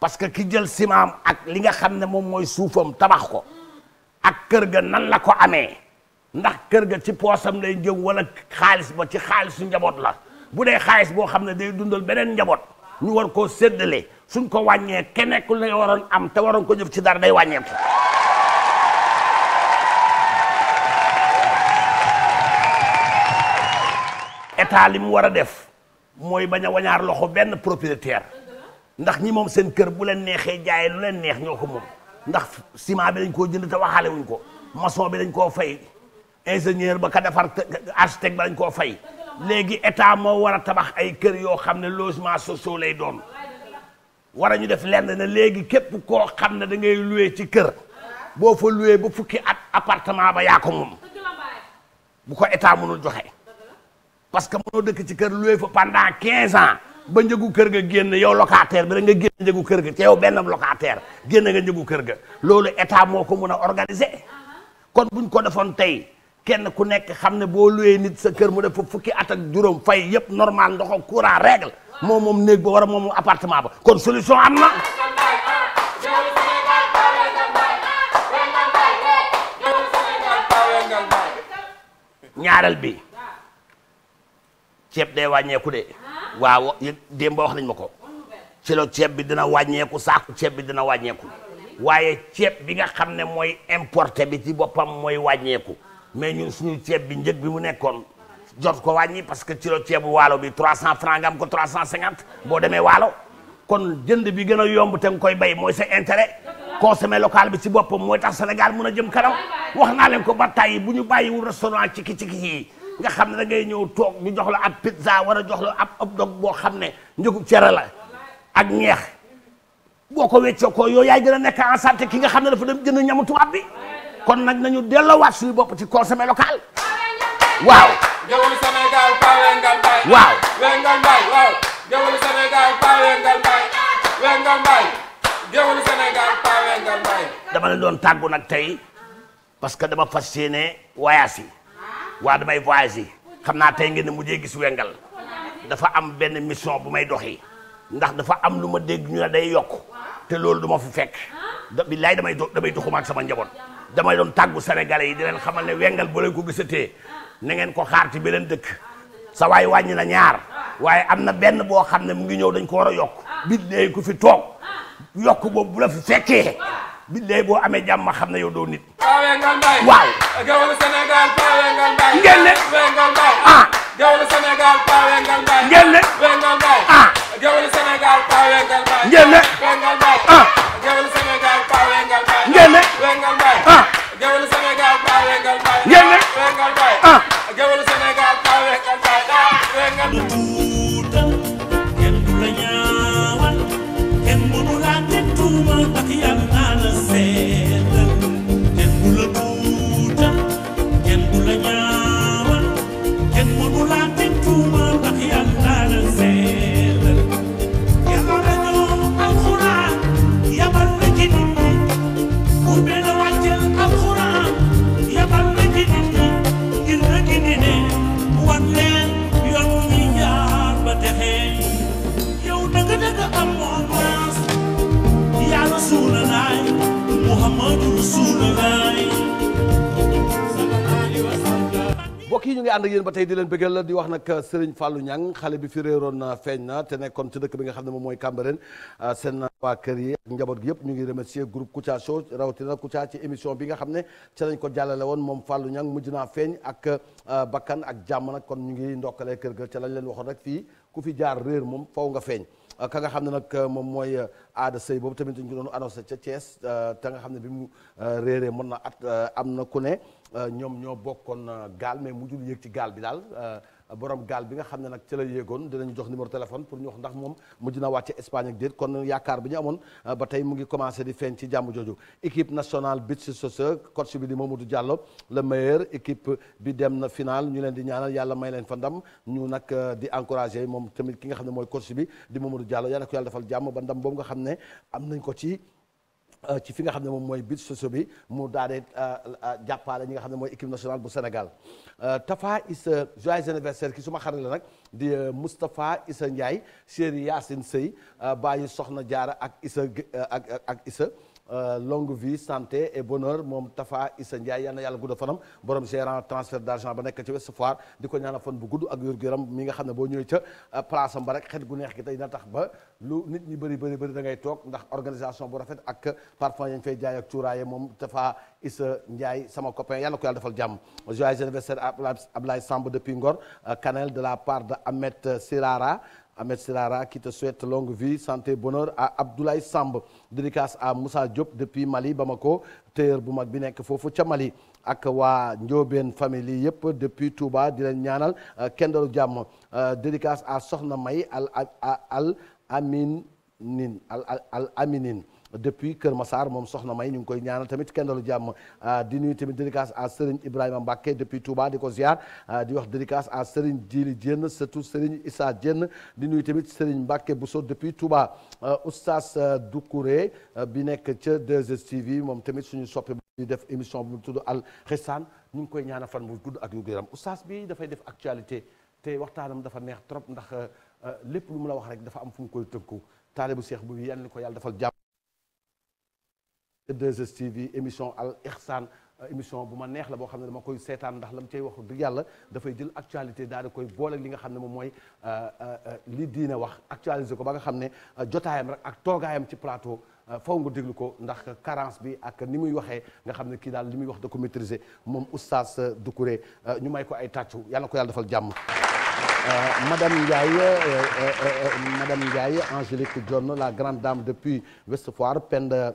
parce que ki jël simaam ak li nga xam ne moom mooy suufoom tabax ko ak kër ga nan la ko amee ndax kër ga ci poosam lay jëw wala xaalis ba ci xaalisu njaboot la bu dee xaalis boo xam ne day dundal beneen njaboot ñu war koo séddale suñ ko wàññee kenn ku ne waroon am te waroon ko jëf ci dara day wàññeek état li mu war a def mooy bañ a wañaar loxo benn propriétaire ndax ñi moom seen kër bu leen neexee jaayee lu leen neex ñoo ko moom ndax ciment bi dañ koo jënd te waxaale wuñ ko maçon bi dañ koo fay ingénieur ba ka defar architecte ba dañ koo fay. léegi état moo war a tabax ay kër yoo xam ne logement sociaux lay doom war a ñu def lenn ne léegi képp koo xam ne da ngay loué ci kër boo fa loué ba fukki at appartement ba yaa ko moom bu ko état mënul joxe parce que mënoo dëkk ci kër loué fa pendant quinze ans ba njëgu kër ga génn yow locataire bi da nga génn njëgu kër ga te yow benn locataire génn nga njëgu kër ga loolu état moo ko mën a organiser uh-huh. kon buñ ko defoon tey kenn ku nekk xam ne boo luwee nit sa kër mu def fukki at ak juróom fay yëpp normal ndox ak courant règle moom moom néeg ba war a moom appartement ba kon solution am na. bi ceeb day wàññeeku de waaw démb wax nañ ma ko celo ceeb bi dina wàññeeku saaku ceeb bi dina wàññeeku waaye ceeb bi nga xam ne mooy importe bi ci boppam mooy wàññeeku. mais ñun suñu ceeb bi njëg bi mu nekkoon jot ko wàññi parce que kilo ceebu waalo bi cent francs nga am ko 350 boo demee waalo kon jënd bi gën a yomb te nga koy bay mooy sa intérêt consommer local bi si boppam mooy tax Sénégal mun a jëm kanam wax naa leen ko ba tàyyi bu ñu bàyyi bàyyiwul restaurant ciki ciki yi nga xam ne da ngay ñëw toog ñu jox la ab pizza war a jox la ab ab dog boo xam ne njëgu cere la ak ñeex boo ko weccee ko yooyu yaay gën a nekk en santé ki nga xam ne dafa dem jënd ñamu tubaab bi. kon nag nañu delloowaat suñu bopp ci consommé local
waaw. jawwali Sénégal
dama leen doon tàggu nag tey parce que dama fas yéene voyage yi waa damay voyage xam naa tey ngeen ne mujjee gis Wengal dafa am benn mission bu may doxi ndax dafa am lu ma dégg ñu ne day yokk te loolu du ma fi fekk da billaay damay damay doxumaak sama njaboot. damay doon tàggu sénégalais yi di leen xamal ne wengal bu leen ko gisatee na ngeen ko xaar beneen dëkk sa waay wàññi na ñaar waaye am na benn boo xam ne mu ngi ñëw dañ ko war a yokk bit ku fi toog yokk boobu bu la fi fekkee billaahi boo amee jàmm ma xam ne yow doo nit.
Pa Wengal ne. Wengal ah. ne. Wengal ah. ne. Venga tú.
mbokk yi ñu ngi ànd ak yéen ba tey di leen bëggal di wax nag Serigne Fallou Niang xale bi fi réeroon feeñ na te nekkoon ci dëkk bi nga xam ne moom mooy Cambérène ah, seen waa kër yi njaboot gi yëpp ñu ngi remercier groupe Kouthia Show rawatina Kouthia ci émission bi nga xam ne ci lañ ko jàllale woon moom Fallou Niang mujj naa feeñ ak ah, bakkan ak jàmm nag kon ñu ngi ndokkale kër ga ca lañ leen waxoon rek fii ku fi jaar réer moom faw nga feeñ Euh, ka nga xam ne nag euh, moom mooy euh, aada sëy boobu tamit dañ ko doon annoncé ca Thiès te nga xam ne bi mu réeree mën na at am na ku ne ñoom ñoo bokkoon gaal mais mujjul yéeg ci gaal bi daal borom gaal bi nga xam ne nag ca la yéegoon dinañu jox numéro téléphone pour ñu wax ndax moom mujj na wàcce Espagne ak déet kon yaakaar bi ñu amoon euh, ba tey mu ngi commencé di feeñ ci jàmm jooju équipe nationale beach soccer coach bi di Mamadou Diallo le meilleur équipe bi dem na final ñu leen di ñaanal yàlla may leen fa ndam ñu nag euh, di encouragé moom tamit ki nga xam ne mooy coach bi di Mamadou Diallo yàlla ko yàlla defal jàmm ba ndam boobu nga xam ne am nañ ko ci ci fi nga xamne mom moy bit biir soso bi mu daal jàppale ñi nga xamne moy équipe nationale bu Sénégal Tafa is joyeux anniversaire ki suma xarit la nak di Mustapha Issa Ndiaye Cheikh Yassine Sey baye Soxna Jaara ak Issa ak Issa Euh, longue vie santé et bonheur moom Tafa Issa Ndiaye yal na yàlla gudd fanam borom gérant transfert d'argent ba nekk ci Ouest Foire di ko ñaanal fan bu gudd ak wér yaram mi nga xam ne boo ñëwee ca euh, place am ba rek xet gu neex gi tey na tax ba lu nit ñi bëri bëri bëri da ngay toog ndax organisation bu rafet ak parfum yañ fay jaay ak cuuraaye moom Tafa Issa Ndiaye sama copain yal na ko yàlla defal jàmm joyeux anniversaire Ablaye Samb depuis Ngor euh, Kanel de Ahmed Serara qui te souhaite longue vie, santé, bonheur à Abdoulaye Samb dédicace à Moussa Diop depuis Mali Bamako Terre bu mag bi nekk Mali depuis Touba di Nyanal, ñaanal euh, Djam, euh, dédicace à Sohna May al al al Aminin depuis keur Massar mom soxna May ñu koy ñaanal tamit kendalu jàmm di nuyu tamit dédicace à Serigne Ibrahima Mbacké depuis Touba diko ziar di wax dédicace à Serigne Djili Diène surtout Serigne Issa djenn di nuyu tamit Serigne Mbacké Bousso depuis Touba Oustaz doukouré bi nek ci 2 tv mom tamit suñu soppi di def émission bu tuddu Al khissan ñu koy ñaanal fan bu gudd ak yu gëram Oustaz bi da fay def actualité te waxtaanam dafa neex trop ndax lépp lu mu la wax rek dafa am fu mu koy teunkou talibou cheikh bu yenn ko yàlla dafal jàmm 2 TV, émission Al Ihsan euh, émission bu ma neex la bo xam dama koy sétane ndax lam cey wax du yalla da fay jël actualité daal di koy boole li nga mom moy euh, euh euh li diine wax actualiser ko ba nga xam ne euh, jotaayam rek ak toogaayam ci plateau faw nga déglu ko ndax carence bi ak ni muy waxé nga xam ki kii daal li muy wax da ko maîtriser mom oustaz Doucouré ñu may ko ay tàccu yalla ko yàlla defal jàmm Madame Ndiaye Madame Ndiaye Angélique Dione la grande dame depuis West Foire de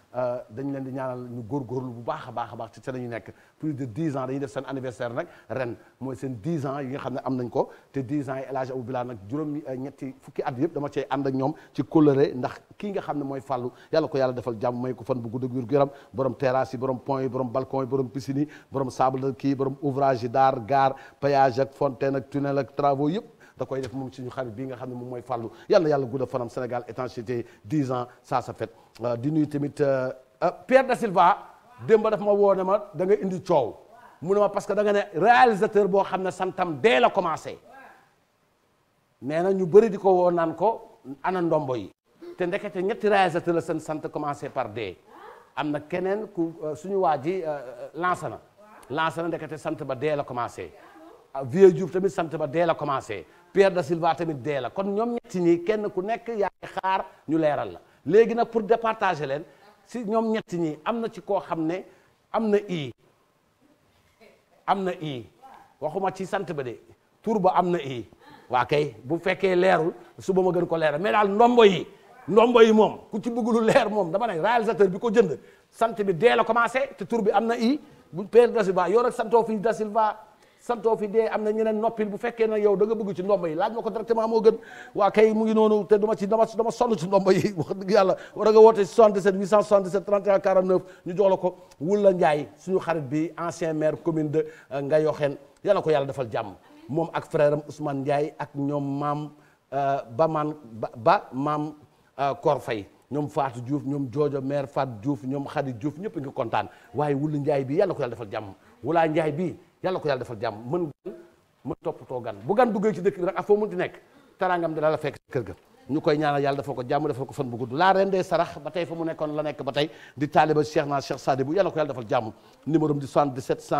Euh, dañ leen di ñaanal ñu góorgóorlu bu baax a baax a baax ci seen ñu nekk plus de dix ans dañuy def seen anniversaire nag ren mooy seen dix ans yi nga xam ne am nañ ko te dix ans yi El Hadj Abou Bilal nag juróom euh, ñetti fukki at yëpp dama cey ànd ak ñoom ci coloré ndax kii nga xam ne mooy fàllu yàlla ko yàlla defal jàmm may ko fan bu gudd ak wér-gu-yaram borom terrasse yi borom pont yi borom balcon yi borom piscine yi borom sable kii borom ouvrage yi daar gare péage ak fontaine ak tunnel ak travaux yëpp da koy def moom suñu xarit bii nga xam ne moom mooy fàllu yàlla yàlla gudda fanam Sénégal étanchéité 10 ans ça se euh, di nuyu tamit euh, euh, Pierre da Silva ba daf ma woo ne ma da nga indi coow mu ne ma parce que danga ne réalisateur boo xam ne santam dee la commencé nee na ñu bëri di ko woo naan ko ana ndombo yi te ndekete ñetti réalisateur la seen sant commencé par D am na keneen ku suñu waa ji lancé na lancé na ndekete sant ba dee commencé sant ba dee la commencé Pierre da Silva tamit dee la kon ñoom ñetti ñi kenn ku nekk yaay xaar ñu leeral la léegi nag pour départager leen si ñoom ñetti ñi am na ci koo xam ne am na ii am na waxuma ci sant ba de tur ba am na i waa kay bu fekkee leerul suba ma gën ko leeral mais daal ndombo yi ndombo yi moom ku ci bëgg lu leer moom dama ne réalisateur bi ko jënd sant bi dee la commencé te tur bi am na i bu Pierre da Silva yow rek santoo fi da Silva santoo fi dee am na ñeneen noppil bu fekkee na yow da nga bëgg ci ndomba yi laaj ma ko directement moo gën waa kay mu ngi noonu te dama ci dama dama sonn ci ndomba yi [LAUGHS] wax dëgg yàlla war nga woote 77 877 31 49 ñu jox la ko Wula Ndiaye suñu xarit bi ancien maire commune de euh, Ngayokhène yal na ko yàlla defal jàmm moom ak frère am Ousmane Ndiaye ak ñoom maam euh, ba maan ba maam euh, Kor Faye ñoom Fatou Diouf ñoom Jojo maire Fatou Diouf ñoom Khady Diouf ñëpp ngi kontaan waaye Wula Ndiaye bi yal ko yàlla defal jàmm Wula Ndiaye yalla ko yalla defal jàmm mën mën toppatoo gan bu gan duggee ci dëkk rek dina la fekk kër ga ñukoy ñaanal yàlla dafa ko jàmm dafa ko fan bu gudd la ren sarax batay fa mu la nekk batay di taliba Cheikh Cheikh yalla ko yalla defal 77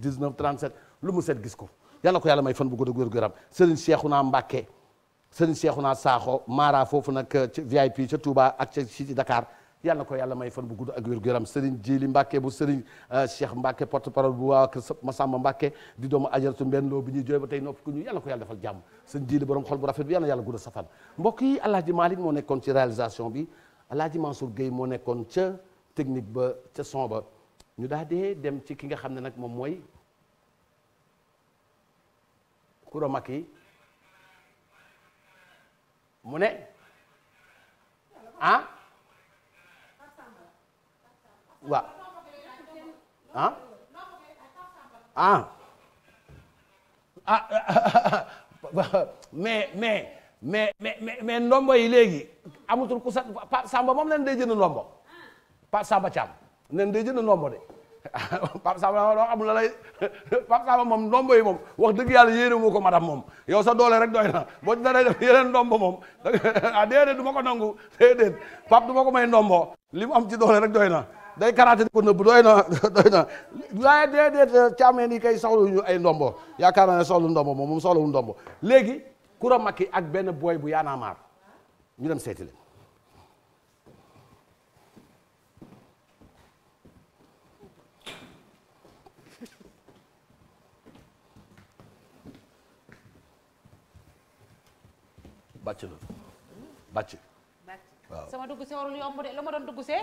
19 37 lu mu set gis ko ko may fan bu Serigne Cheikhouna Mbacké Serigne Cheikhouna saxo Mara fofu ci VIP ci Touba ak Dakar yalla ko yalla may fan bu gudd ak wér gu Serigne Djili Mbacke bu Serigne euh, Cheikh Mbacke porte parole bu waa Massamba Mbacke di doomu mbenn bi ba ku ñu ko Serigne borom xol bu rafet bi technique ba ci son ba ñu daal dem ci ki nga xam ne nag moom ne ah waaw
ah ah ah, ah,
ah. [LAUGHS] mais mais mais me mais ndombo yi léegi amatul ku sa Pape Samba moom leen day jënd ndombo Pape Samba Thiam leen day jënd ndombo de [LAUGHS] Pape Samba wax amul la lay [LAUGHS] Pape Samba moom ndombo yi moom wax dëgg yàlla yéene wu ko madam moom yow sa doole rek doy na boo dara def yeneen ndombo moom ah déedéet du ma ko nangu déedéet Pape du ma ko may ndombo li mu am ci doole rek doy day karaté pour na bu doy na doy na waaye déedéet càmmeen yi kay soxluñu ay ndombo yaakaar naa ne soxlu ndombo moom moom soxlawul ndombo léegi Coura Macky ak benn booy bu Y'en a marre ñu dem seeti leen bàcc na bàcc
sama dugu se orang liom de lu ma dugu se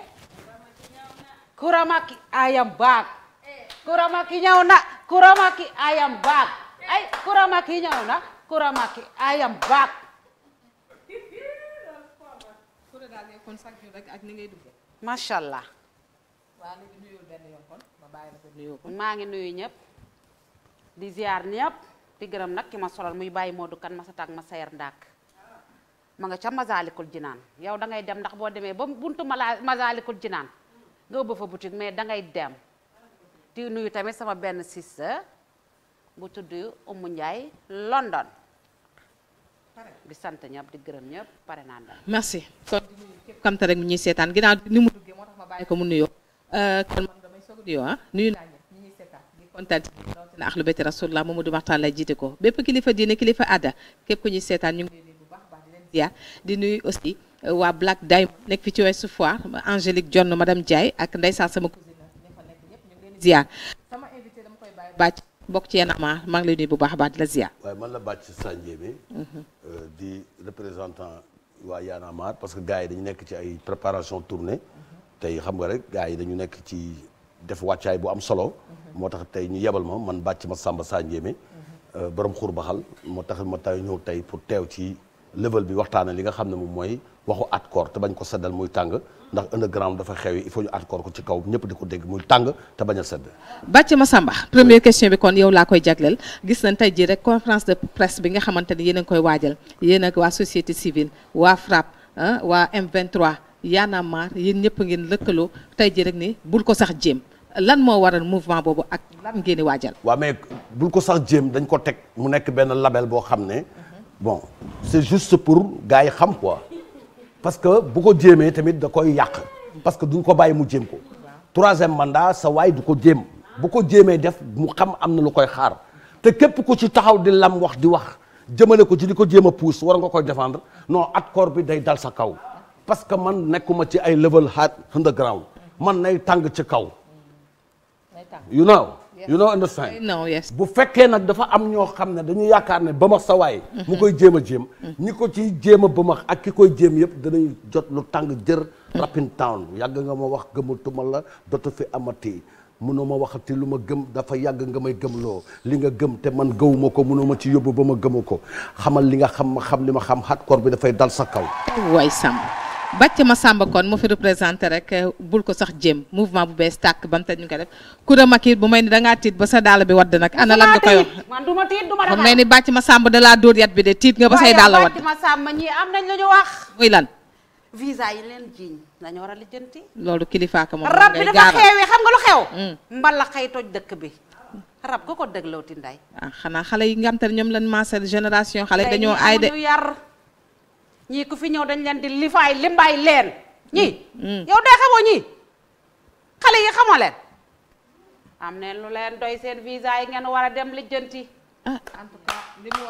kuramaki ayam bak kuramaki ñëw kuramaki ayam bak ay kuramaki ñëw kuramaki ayam bak macha Ma ngi nuyu ñep di ziar ñep di gërëm nak ki ma solal muy bàyyi Modou kan ma sa tak ma sayer ndak ma nga ca Masaalikul Jinaan yow dangay dem ndax boo demee ba buntu mala Masaalikul Jinaan nga ubba fa boutique mais da ngay dem di nuyu tamit sama benn sister bu tudd Umu Njaay London di sant ñëpp di gërëm ñëpp pare naa ndam
merci kon di nuyu képp kamte rek mu ñuy seetaan ginnaaw ni mu
duggee ma bàyyi ko mu
nuyoo euh, kon man damay soog ah nuyu naa ñëpp ñu ñuy seetaan di kontaan rawatina axlu beti rasulullah Mamadou Maxtaar lay jiite ko bépp kilifa diine kilifa adda képp ku ñuy seetaan Dia di nuyu aussi euh, waa Black Diamond nekk fi ci Ouest Foire Angélique John madame Diaye ak ndeysaan sama cousine ne fa nekk yëpp ñu ngi leen ziar sama bàcc bokk ci yenn maa ngi lay nuyu bu baax a baax di la
waaye man la bàcc Sandiémé mhm. euh, di représentant waa Y'en a marre parce que gars yi dañu nekk ci ay préparation tournée mhm. tey xam nga rek gars yi dañu nekk ci def wàccaay bu am solo mhm. moo tax tey ñu yebal ma man bàcc ma Samba Sandiémé euh, borom xur moo tax ma tay ñëw tey pour teew ci level bi waxtaane li nga xam ne moom mooy waxu accord te bañ ko seddal muy tàng ndax underground dafa xew il faut ñu accord ko ci kaw ñëpp di ko dégg muy tàng te bañ a sedd
ma Massamba première question bi kon yow laa koy jagleel gis nañ tey jii rek conférence de presse bi nga xamante ni yéen a ngi koy waajal yéen ak waa société civile waa FRAPP ah, waa M23 Y'en a marre yéen ñëpp ngeen lëkkaloo tey jii rek ni bul ko sax jéem lan moo waral mouvement boobu ak lan ngeen di waajal
waaw mais bul ko sax jéem dañ ko teg mu nekk benn label boo xam ne bon c'est juste pour gars yi xam quoi parce que bu ko jéemee tamit da koy yàq parce que duñ ko bàyyi mu jéem ko troisième mandat sa waay du ko jéem bu ko jéemee def mu xam am na lu koy xaar te képp ku ci taxaw di lam wax di wax jëmale ko ci di ko jéem a pousse war nga koy défendre non at koor bi day dal sa kaw parce que man nekkuma ci ay level hard underground man nay tàng ci kaw you know understand no yes bu fekkee nag dafa am ñoo xam ne dañu yaakaar ne ba sa sawaay mu koy jéem a jéem ñi ko ci jéem a ba ak ki koy jéem yëpp danañu jot lu tàng jër rapping town yàgg nga ma wax gëmatuma la dootu fi amati mënuma waxati lu ma gëm dafa yàgg nga may gëmloo li nga gëm te man gëwuma ko ma ci yóbbu ba ma gëma ko xamal li nga xam ma xam li ma xam hardcore bi dafay dal sa kaw
Bathie Massamba Kone moo fi représenté rek eh, bul ko sax jéem mouvement bu bees tàkk bam tëj ñu ko def Coura Macky bu may ni da ngaa tiit ba sa daal bi wadd nag ana lan nga koy wax
man du ma ma xam may ni Bathie
Massamba bi de nga ba la wadd Bathie
Massamba ñi am nañ lu muy lan visa yi leen jiiñ dañu war a lijjanti
loolu kilifa ka moom rab bi dafa xeewi
xam nga lu xew mm. mbala xay toj dëkk bi rab ko ko dégloo ti nday
ah xanaa xale yi nga xam te
ñoom lan maasal
génération xale dañoo aay de
ñii ku fi ñëw dañ leen di lifaay limbaay leen ñii mm. yow dee xamoo ñii xale yi xamoo leen am neen lu leen doy seen visa yi ngeen war a dem lijjanti ah. en tout cas li mu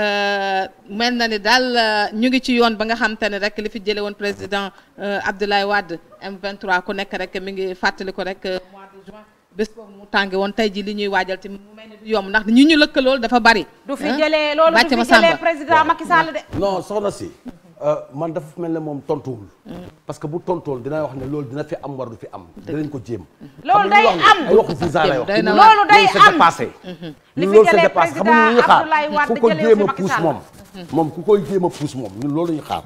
euh, mel na ni daal euh, ñu ngi ci yoon ba nga xam te ne rek li fi jële woon président euh, Abdoulaye Wade M23 ku nekk rek mi ngi fàttaliku rek mois de
juin bés boobu
mu tànge woon tey ji li ñuy waajal tamit mu mel ni du yomb ndax ñi ñu lëkkalool dafa bari.
du
fi jëlee loolu du fi jëlee président Macky Sall de. non soxna si. Euh, man dafa moom tontuwul. parce que bu tontool dina wax ne loolu dina fi am war du fi am. dinañ ko jéem. loolu day am wax. loolu day am
loolu c'est mhm. dépassé xam nga ñu
xaar ku ko a moom. moom ku koy jéem a pousse moom ñun loolu ñu xaar.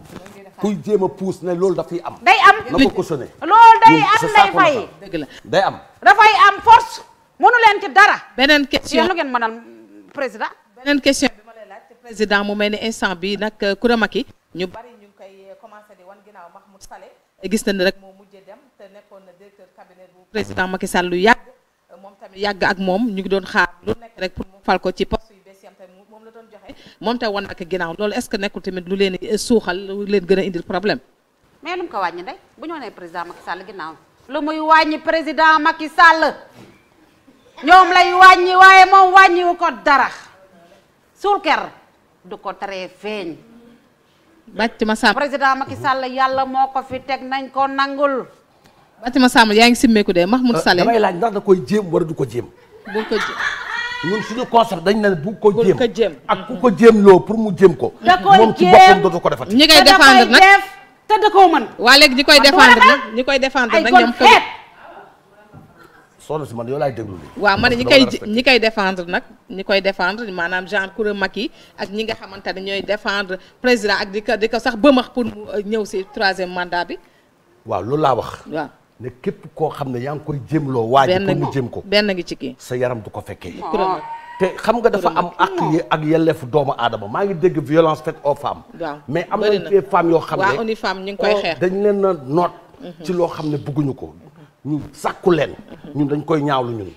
kuy jéem a puus ne loolu dafay am. day am na day am day fay day am.
dafay am force. mënu ci dara. beneen question lu ngeen mënal président.
beneen question bi ma lay président mu mel ni instant bi nag Kouramaki. Euh, ñu bari ñu ngi koy euh, commencé di wan ginnaaw Mahmoud Saleh. gis nañ rek moo mujjee dem te nekkoon na directeur cabinet bu président Macky Sall lu yàgg. Euh, moom tamit yàgg ak moom ñu ngi doon xaar lu nekk rek pour mu fal ci poste waxee [LAUGHS] moom tey wan ak ginaaw loolu est-ce que nekkul tamit lu leen suuxal lu leen gën a indil problème.
mais lu mu ko wàññi ndey bu ñu wanee président Macky Sall ginnaaw lu muy wàññi président Macky Sall ñoom lay wàññi waaye moom wàññiwu ko dara suulker du ko teree feeñ. bàcc ma sàmm président Macky Sall yàlla moo ko fi teg nañ ko nangul.
bàcc ma sàmm yaa ngi simmeeku de Mahmoud euh, Saleh damay laaj
ndax da koy jéem wala du ko jéem. du ko jéem. ñun suñu concept dañ ne bu ko jéem ak ku ko jéem loo pour mu jëm ko. da koy jéem moom ci boppam ko defati. ñi koy défendre nag
te da koo waa léegi ñi koy défendre nag ñi koy défendre nag ñoom ko
soxna si man yow laay déglu li waaw man ñi koy
ñi koy défendre nag ñi koy défendre maanaam genre kuréel mag yi ak ñi nga xamante ne ñooy défendre président ak di ko di ko sax bëmax pour mu euh, ñëw si troisième mandat bi.
waaw loolu laa wax. ne képp koo xam ne yaa ngi koy jéemloo waaji pour mu jéem ko benn ngi ci kii sa yaram du ko fekkee ah. te xam nga dafa am ak yi ak yelleefu doomu aadama maa ngi dégg violence faite aux femmes
waaw mais am na des
femmes yoo xam ne waaw
une ñu ngi koy oh, xeex
dañ leen na noot mhm. ci loo xam ne bëgguñu ko mhm. ñu sàkku leen mhm. ñun dañ koy ñaawlu ñun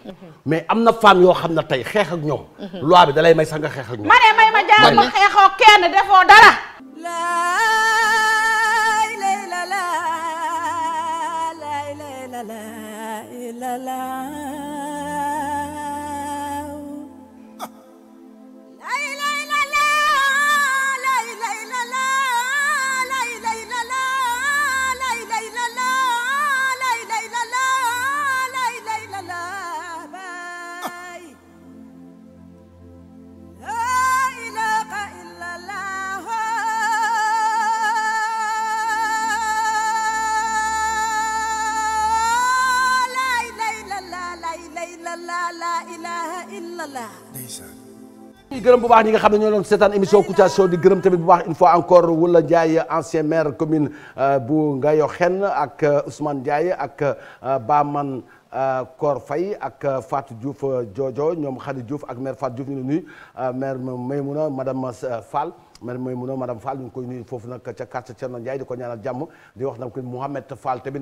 mais am na femme yoo xam ne tey xeex ak ñoom loi bi dalay may sax nga xeex ak ñoom ma
may ma jaar ma xeexoo kenn defoo dara
لا لا لا لا
gërëm bu baax ñi nga xam ñoo doon émission Show di gërëm tamit bu baax une fois encore Wula ancien maire commune euh, bu ak euh, Ousmane Ndiaye ak euh, Baman Kor ak Fatou Diouf Jojo ñoom Khady Diouf ak maire Fatou Diouf ñu ngi maire Maymouna madame Fall man mooy munoo madame Fall ñu ngi koy nuyu foofu nag ca quartier Thierno Ndiaye di ko ñaanal jàmm ko Mouhamed Fall tamit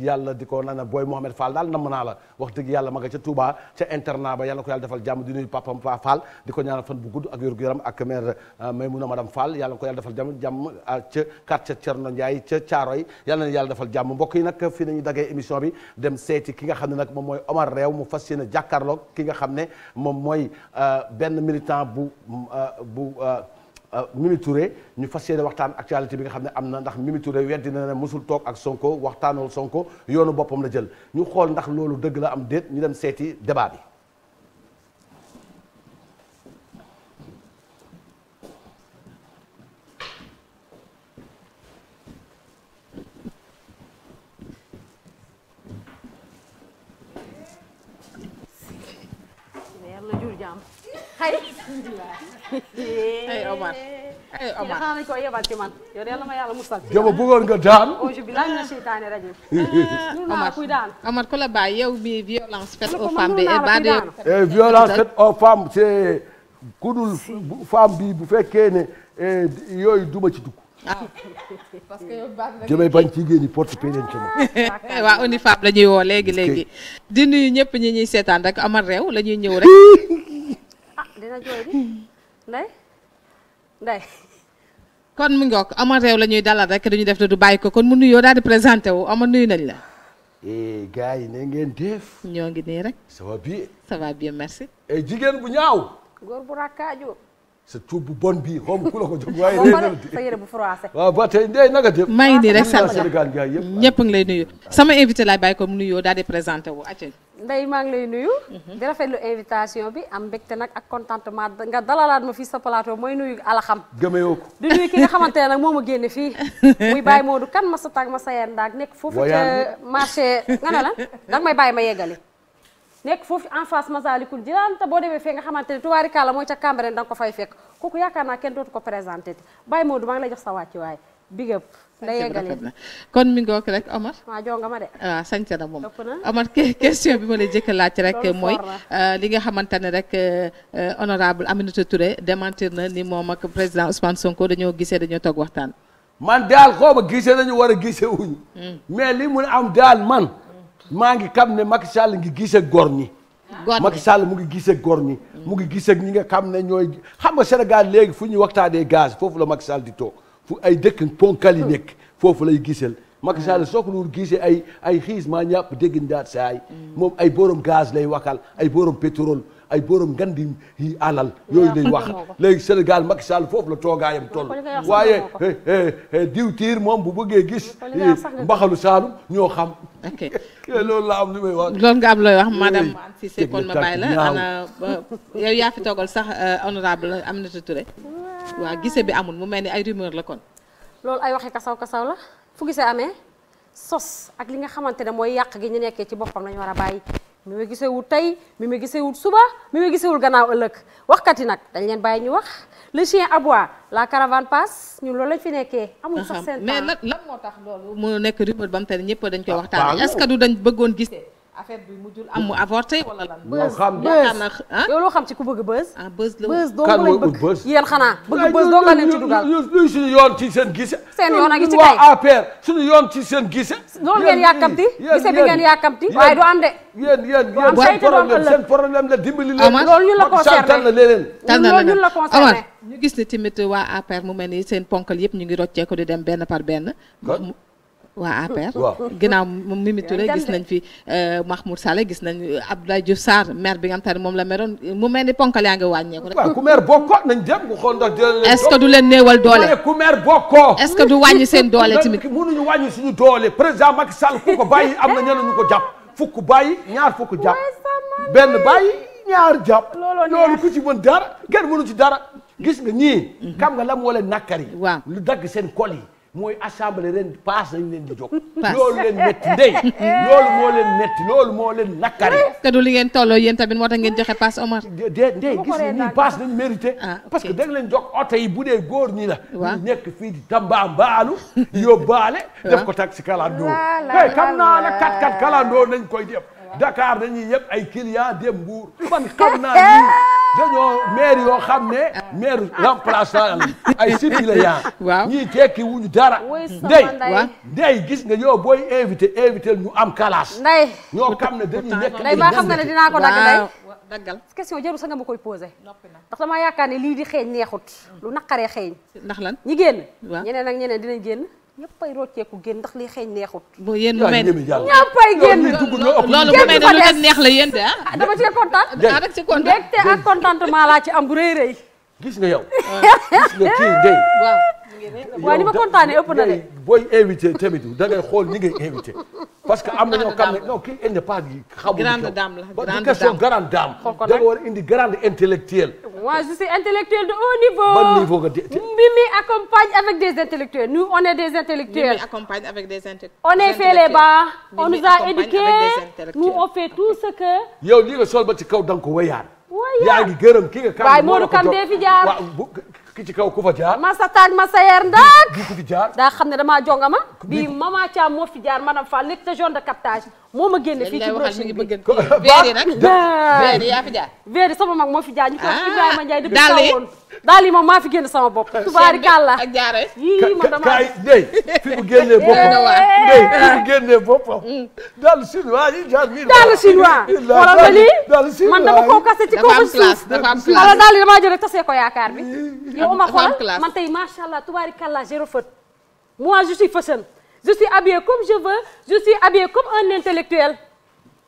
yàlla di ko naan booy Mouhamed Fall daal namm naa la wax dëgg yàlla ma nga ca Touba ca internat ko yàlla defal jàmm di nuyu papam ko ñaanal fan bu ak ak mère may munoo madame Fall yàlla ko yàlla defal jàmm jàmm euh, ca quartier Thierno Ndiaye ca Thiaroy yàlla na yàlla defal jàmm mbokk yi nag fii nañu dagee émission bi dem seeti ki nga xam ne nag moom mooy Omar Réew mu fas yéene jàkkaarloog ki nga xam ne moom mooy euh, benn militant bu euh, bu Mimi Touré ñu fas yéene waxtaan actualité bi nga xam ne am na ndax Mimi Touré weddi na ne musul toog ak Sonko waxtaanul Sonko yoonu boppam la jël ñu xool ndax loolu dëgg la am déet ñu dem seeti débat bi.
xarit. ay Omar ay Omar xanaa man yow de yàlla ma yàlla musal.
daan. [LAUGHS] Eh,
Omar Omar
ku la bàyyi yow bi violence faite aux femmes bi et baa de eh, violence faite
aux femmes c'est ku dul bi bu fekkee ne eh, yooyu duma ci dugg.
waaw ah. parce que yow baax na. damay bañ
ci génn porte pédante
ma. [LAUGHS] waaw ONIFAM la ñuy woo léegi léegi. di nuyu ñëpp ñi ñuy seetaan rek Omar réew lañuy ñuy ñëw rek. [LAUGHS]
Ah, nday nday
kon mu ngook ama réew la ñuy dalal rek dañuy def du bàyyi ko kon mu nuyoo daal di présenté wu ama nuyu nañ la
eh, gars yi ne ngeen def ñoo ngi nii rek ça va bien ça bien merci eh, jigéen bu ñaaw
góor bu rakkaaju
sa cuub bu bon bii xaw la ko jóg waaye. sa
yére bu froissé.
waaw ba
tey ndey naka def. maa ngi nii rek sant Sénégal gi yëpp ñëpp ngi lay nuyu. sama invité laay bàyyi ko mu nuyoo daal di présenté wu
acca. ndey maa ngi lay nuyu. Mhm. di lu invitation bi am mbégte nag ak contentement nga dalalaat ma fii sa palaatoo mooy nuyu alaxam. gëmëyoo ko di nuyu ki nga xamante ne nag moo ma génne fii.
[LAUGHS] muy Baye Modou
kan ma sa tag ma sa yendaag nekk foofu ca marché nga ne lan danga ma yeggali. nekk foofu en face Masalikul Jinaan te boo demee fee nga xamante ne tuwaari kàlla mooy ca Cambérène da nga ko fay fekk kooku yaakaar naa sa wàcci waay big up da
mi ngoog rek Omar.
waaw joo nga ma de. waaw
ah, sant bi ma lay jëkk laaj rek mooy ah, li nga xamante ne rek eh, honorable Aminata Touré démentir na ni moom ak président Ousmane Sonko dañoo gisee dañoo toog waxtaan.
man daal xaw ma gisee nañu war a gisee wuñu hmm. mais li mun am daal man. maa ngi xam ne Macky Sall ngi gisee góor ñi. góor ñi Sall mu ngi gise gor ñi. mu ngi gisee ñi nga xam ne ñooy xam nga Sénégal léegi fu ñuy waxtaanee gaz foofu la Macky Sall di to fu ay dëkk ponkal yi nekk foofu lay gisal. Macky sook soxlawul gisee ay ay xiis maa ñàpp dégg ndaat saay mm. moom ay borom gaz lay waxal ay borom pétrole. ay borom ngandi di alal yooyu lay wax léegi Sénégal Macky Sall foofu la toogaayam toll waaye eh, eh, eh, diwtiir moom bu bëggee gis mbaxalu Saalum ñoo xam [LAUGHS] loolu la am li may wax loolu nga am looy wax madame Anne Cissé kon ma bàyyi la ana
yow yaa fi toogal sax honorable Aminata Touré waaw gise bi amul mu mel ni ay rumeur la kon
loolu ay waxi kasaw kasaw la fu gisee amee sos ak li nga xamante ne mooy yàq gi ñu nekkee ci boppam lañu war a bàyyi mi ma gisewul tey mi ma gisewul suba mi ma gisewul gannaaw ëllëg waxkat yi nag dañ leen bàyyi ñu wax le chien aboie la caravane passe ñun loolu lañ fi nekkee. amul sax seen mais lan lan moo tax loolu
mu nekk rumeur ba mu tey ñëpp dañ koy waxtaan. est-ce que dañ bëggoon gisee.
affaire bi mujjul
am mu avorté
wala
lan. buzz buzz
ah? yow loo xam ci ku bëgg buzz. ah buzz la buzz bëgg yéen xanaa bëgg buzz dong lañ ci
dugal. luy suñu yoon ci seen gise. seen yoon a ngi ci kay suñu yoon ci seen gise. loolu ngeen yàkkamti gise bi ngeen yàkkamti waaye du am de. yéen yéen yéen seen problème seen problème la dimbali leen. loolu ñun la concerné loolu ñun la concerné.
ñu gis ne tamit waa APR mu mel ni seen ponkal yëpp ñu ngi roccee ko di dem benn par benn. waa APR ginnaaw Mimi Touré gis nañ fi euh, Mahmoud Saleh gis nañ euh, Abdoulaye Diouf Sarr maire bi nga xam ne moom la meroon mu mel ni ponkal yaa ngi wàññeeku
rek waaw ku maire bokkoo nañ dem ku xool ndax est ce que du leen néewal doole ku maire bokkoo est ce que du wàññi seen doole tamit mënuñu wàññi suñu doole président Macky Sall ku ko bàyyi am na ñeneen ñu ko jàpp fukk bàyyi ñaar fukk jàpp benn bàyyi ñaar jàpp loolu ku ci mën dara kenn mënu ci dara gis nga ñii mhm. xam nga la moo leen nakkar yi lu dagg seen kol yi mooy assemblée ren paas nañ leen di loolu leen métti ndey. loolu moo leen métti loolu moo leen nakkari. Eh.
te du li ngeen tolloo yéen tamit moo tax ngeen joxe paas Omar.
de ndey gis nga nii paas nañ mérité. Ah, parce que da leen jox oto yi bu dee góor nii la. waaw nekk fii di Tamba mbaalu. yóbbaale [LAUGHS] def ko taxi kalandoo. la la eh, la la kay naa ne kat kat kalandoo nañ koy def. Dakar dañuy yëpp ay client dem Mbour man xam naa ni [LAUGHS] dañoo maire yoo xam ne maire remplaçant ay citoyen waaw ñii tekki wuñu dara ndey ndey gis nga yow booy invité invité ñu am kalaas ndey ñoo xam ne dañuy nekk ndey ba xam nga ne dinaa ko dagg ndey
daggal question jarul sa nga ma koy posé ndax damaa yaakaar ne lii di xeeñ neexut mm. lu naqaree xeeñ ndax lan ñi génn ñeneen ak ñeneen dinañ génn ñëppay rocceeku génn ndax li xeeñ neexut.
boo yéen mu mel ni ñëppay génn loolu mu
mel ne neex la yéen de ah. ah dama cee kontaan daa rek ci kontaan mbégte laa ci am bu waaw ni ma kontaanee ëpp
na de booy invité tamit da ngay xool ni ngay invité. parce que am na ñoo non kii indi pas yi xamul grande dame la grande question grande dame. da nga indi grande intellectuelle.
moi je suis intellectuelle de haut niveau. niveau Mimi accompagne avec des intellectuels nous on est des intellectuels. Mimi
accompagne avec des
intellectuels. on est fait les bas. on nous a éduqués nous on fait tout ce que.
yow li nga sol ba ci kaw da nga ko wéyaat. yaa ngi gërëm ki nga. kan moo le ko fi ki taaj
masa yeer ndaak daa xam ne damaa jongama bi mama Thiam moo fi jaar madame Fall léegi te zone de captage moo ma génne fii ci brochure
bi véeri nag véeri yaa
fi jaar véeri sama mag moo fi jaar ñu ko ah, Ibrahima Ndiaye depuis daal woon daal yi moom maa fi génn sama bopp tubaarikàlla ak jaare yii ma dama kaay
ndey [LAUGHS] fi mu génnee boppam ndey fi mu génnee boppam daal chinois yi jaar mi daal chinois wala [LAUGHS] ma koo kase ci kaw ba suuf
daal yi ma moi je suis façon je suis habillée comme je veux je suis habillée comme un intellectuel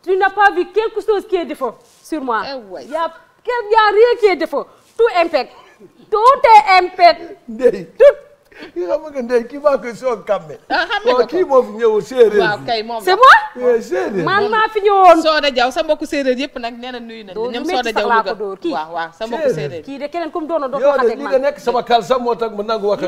tu n'as pas vu quelque chose qui est défaut sur moi. Ah Il n'y y' a a rien qui est défaut tout impec tout est impec.
ki nga xamante ne kii baa ko soog kàmme. ah xam nga ko kii moo fi ñëw séeréer.
yëpp nag nee na nuyu na. ñoom Soda Diaw Louga doo kii waaw waaw sa mbokku
séeréer.
kii de keneen comme doon na
doon waxateeg man de li
nga nekk sama kàl sax moo tax mu nangu wax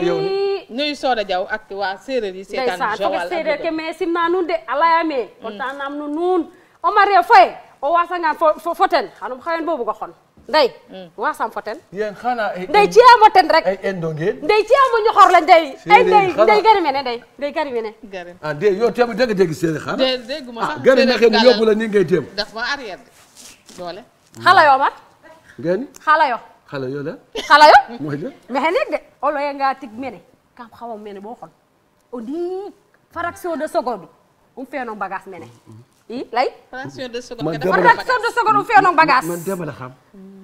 ak sim naa nun de alayame. Mm. kontaan naa nun Omar Faye o wasangaan foten xanum xawen boobu xon Ndeye. Hmm. waa Sam Foten.
yéen xanaa ay.
Ndeye ci rek. ay ci ama ñu xor la Ndeye. ay gari mene Ndeye Ndeye gari mene. gari
ah Ndeye yow tamit dégg dégg séeréer xanaa. dégg
dégg mu yóbbu la nii ngay téem. daf ma arrière de doole. xala yoo ma. ngeen. xala yoo. xala yoo la. xala yoo. mooy la de. olo ya nga mene kam xaw a mene boo xool. au di fraction de seconde um feeno bagage mene. Mm-hmm. lay man dama la xam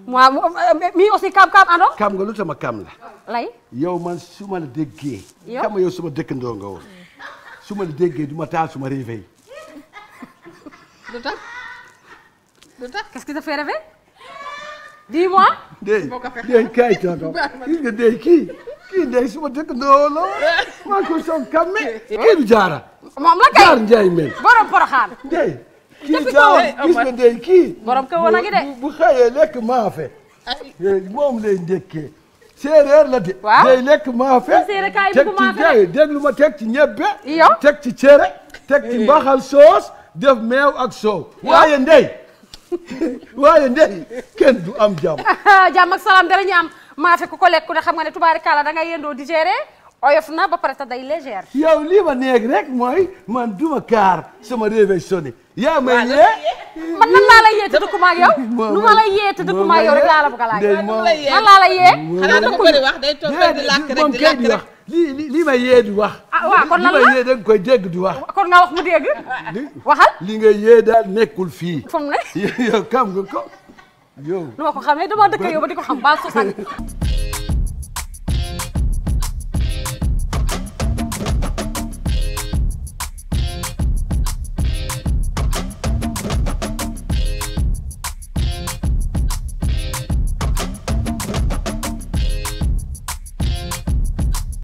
euh, mi aussi kam kam ando
kam nga lu tama kam la lay yow man su ma la déggee xam nga yow suma dëkkandoo nga woon su ma la déggee du ma taal suma réveil
du tax du tax qu'est-ce qui te fait rêver dis-moi
déy déy kaay toog [LAUGHS] nga déy kii kii ndey suma dëkk ndoo la maa ko soog kàmme eh. kii du jaara
la kay jaar njaay mel borom poroxaan
ndey kii jaara gis nga borom ka woon a ngi de bu xëyee lekk maafe eh, moom lay ndékkee séeréer la de day lekk maafe teg ci ndey déglu ci cere teg ci eh. mbaxal soos def meew ak soow waaye ndey [LAUGHS] kenn du am jàmm
[LAUGHS] jàmm ak salaam dara ñu maafe ku ko lekk ku ne xam nga ne tubaarikàlla da ngay yendoo digéré oyof na ba pare te day légère.
yow lii ma neeg rek mooy man duma kaar ma réveil sonné. yaa may yee man nan laa lay yee te dëkkuma ak yow. [LAUGHS] nu ma lay yee te dëkkuma ak yow rek laa la bëgg a laaj. nan
laa lay yee. xanaa dafa
bëri lii ma yee di wax.
a ah, waaw kon lan la li ma yee
da nga koy dégg di wax.
kon nga wax mu dégg.
waxal nga yee daal nekkul fii. fu mu ne. [LAUGHS] yow kam nga ko. yow
nu ma ko xamee dama dëkk yow ba di ko xam ba
soixante